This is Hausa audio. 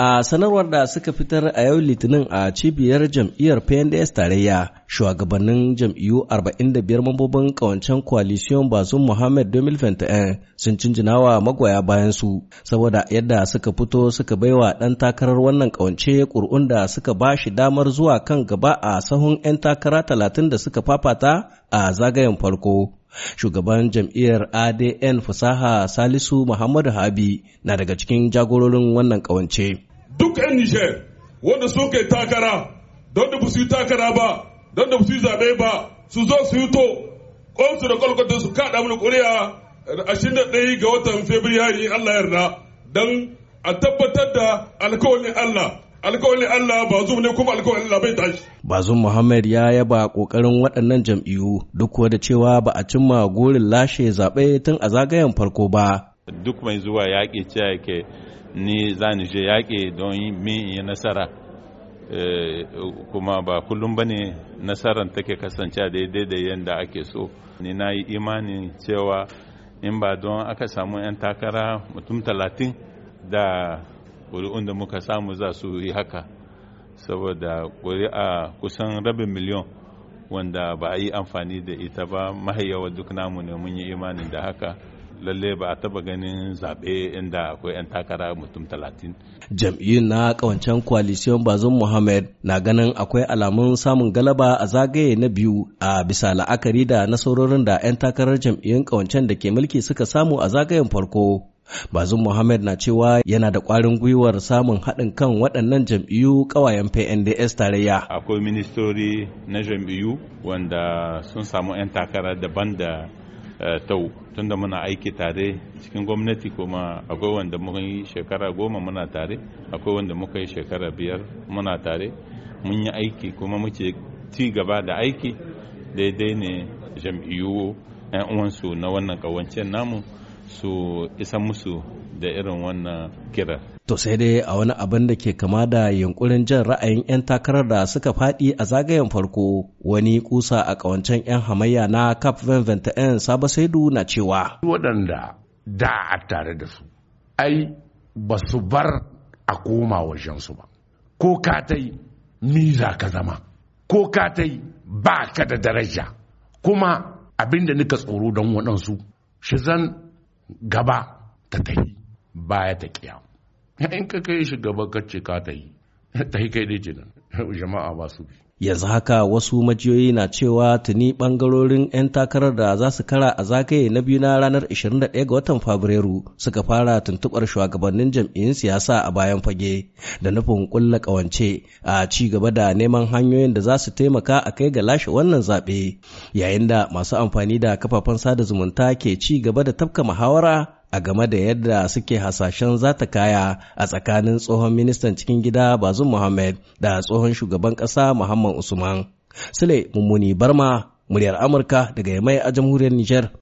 A sanarwar da suka fitar a yau Litinin a cibiyar jam'iyyar PNDS tarayya, shugabannin jam'iyyu 45 mambobin kawancen coalition Bazum Muhammad 2021 sun wa magoya bayan su saboda yadda suka fito suka baiwa ɗan takarar wannan kawance ƙur'un da suka ba shi damar zuwa kan gaba a sahun 'yan takara 30 da suka fafata a zagayen farko. shugaban jam'iyyar adn fusaha salisu muhammadu habi na daga cikin jagororin wannan ƙawance. duk 'yan Nijar wanda sun kai takara don da ba su yi takara ba don da ba su yi zaɓe ba su zo su yi to ƙwansu da ƙwalƙwata su kaɗa mana ƙuri'a ashirin da ɗaya ga watan Fabrairu Allah yarda don a tabbatar da alkawalin Allah alkawalin Allah ba zuwa ne kuma alkawalin Allah bai tashi. Bazum Muhammad ya yaba kokarin waɗannan jam'iyyu duk da cewa ba a cimma gurin lashe zaɓe tun a zagayen farko ba. duk mai zuwa yaƙi ce yake ni za ni je yaƙi don min yi nasara eh, kuma ba kullum ba ne nasarar take kasance daidai da yadda ake so ni na yi imanin cewa in ba don aka samu 'yan takara mutum talatin da ƙuri'un da muka samu za su yi haka saboda a kusan rabin miliyon wanda ba a yi amfani da ita ba mahayawa duk namu ne mun yi imanin da haka lalle ba a taba ganin zaɓe inda akwai 'yan takara mutum talatin. jam'iyyun na kawancen coalition bazum muhammad na ganin akwai alamun samun galaba a zagaye na biyu a bisa la'akari da nasarorin da 'yan takarar jam'iyyun kawancen da ke mulki suka samu a zagayen farko bazum muhammad na cewa yana da kwarin gwiwar samun haɗin kan waɗannan jam'iyyu kawayen pnds tarayya akwai ministori na jam'iyyu wanda sun samu 'yan takara daban da Eh, tau tunda muna aiki tare cikin gwamnati kuma akwai wanda muka yi shekara goma muna tare akwai wanda muka yi shekara biyar muna tare mun yi aiki kuma muke ci gaba da aiki daidai ne jam'iyyu 'yan uwansu na wannan kawancen namu su isa musu da irin wannan kira. To sai dai a wani abin da ke kama da yunkurin jan ra'ayin 'yan takarar da suka faɗi a zagayen farko wani kusa a ƙawancen 'yan hamayya na CAP 2021 Saba Saidu na cewa. Waɗanda da a tare da su, ai ba su bar a koma wajen su ba. Ko ka tai za ka zama, ko ka tai ba ka da daraja, kuma abin da nika tsoro don waɗansu, shi zan gaba ta tafi baya ta kiya in ka kai shi ka ce ka ta yi ta yi kai dai jinan jama'a ba su yanzu haka wasu majiyoyi na cewa tuni bangarorin 'yan takarar da za su kara a zagaye na biyu na ranar 21 ga watan fabrairu suka fara tuntubar shugabannin jam'iyyun siyasa a bayan fage da nufin kulla kawance a ci gaba da neman hanyoyin da za su taimaka a kai ga lashe wannan zaɓe yayin da masu amfani da kafafen sada zumunta ke ci gaba da tafka muhawara a game da yadda suke hasashen zata kaya a tsakanin tsohon ministan cikin gida bazum Muhammad da tsohon shugaban ƙasa Muhammad Usman. Sule Mummuni Barma, muryar Amurka daga Yamai a jamhuriyar Nijar.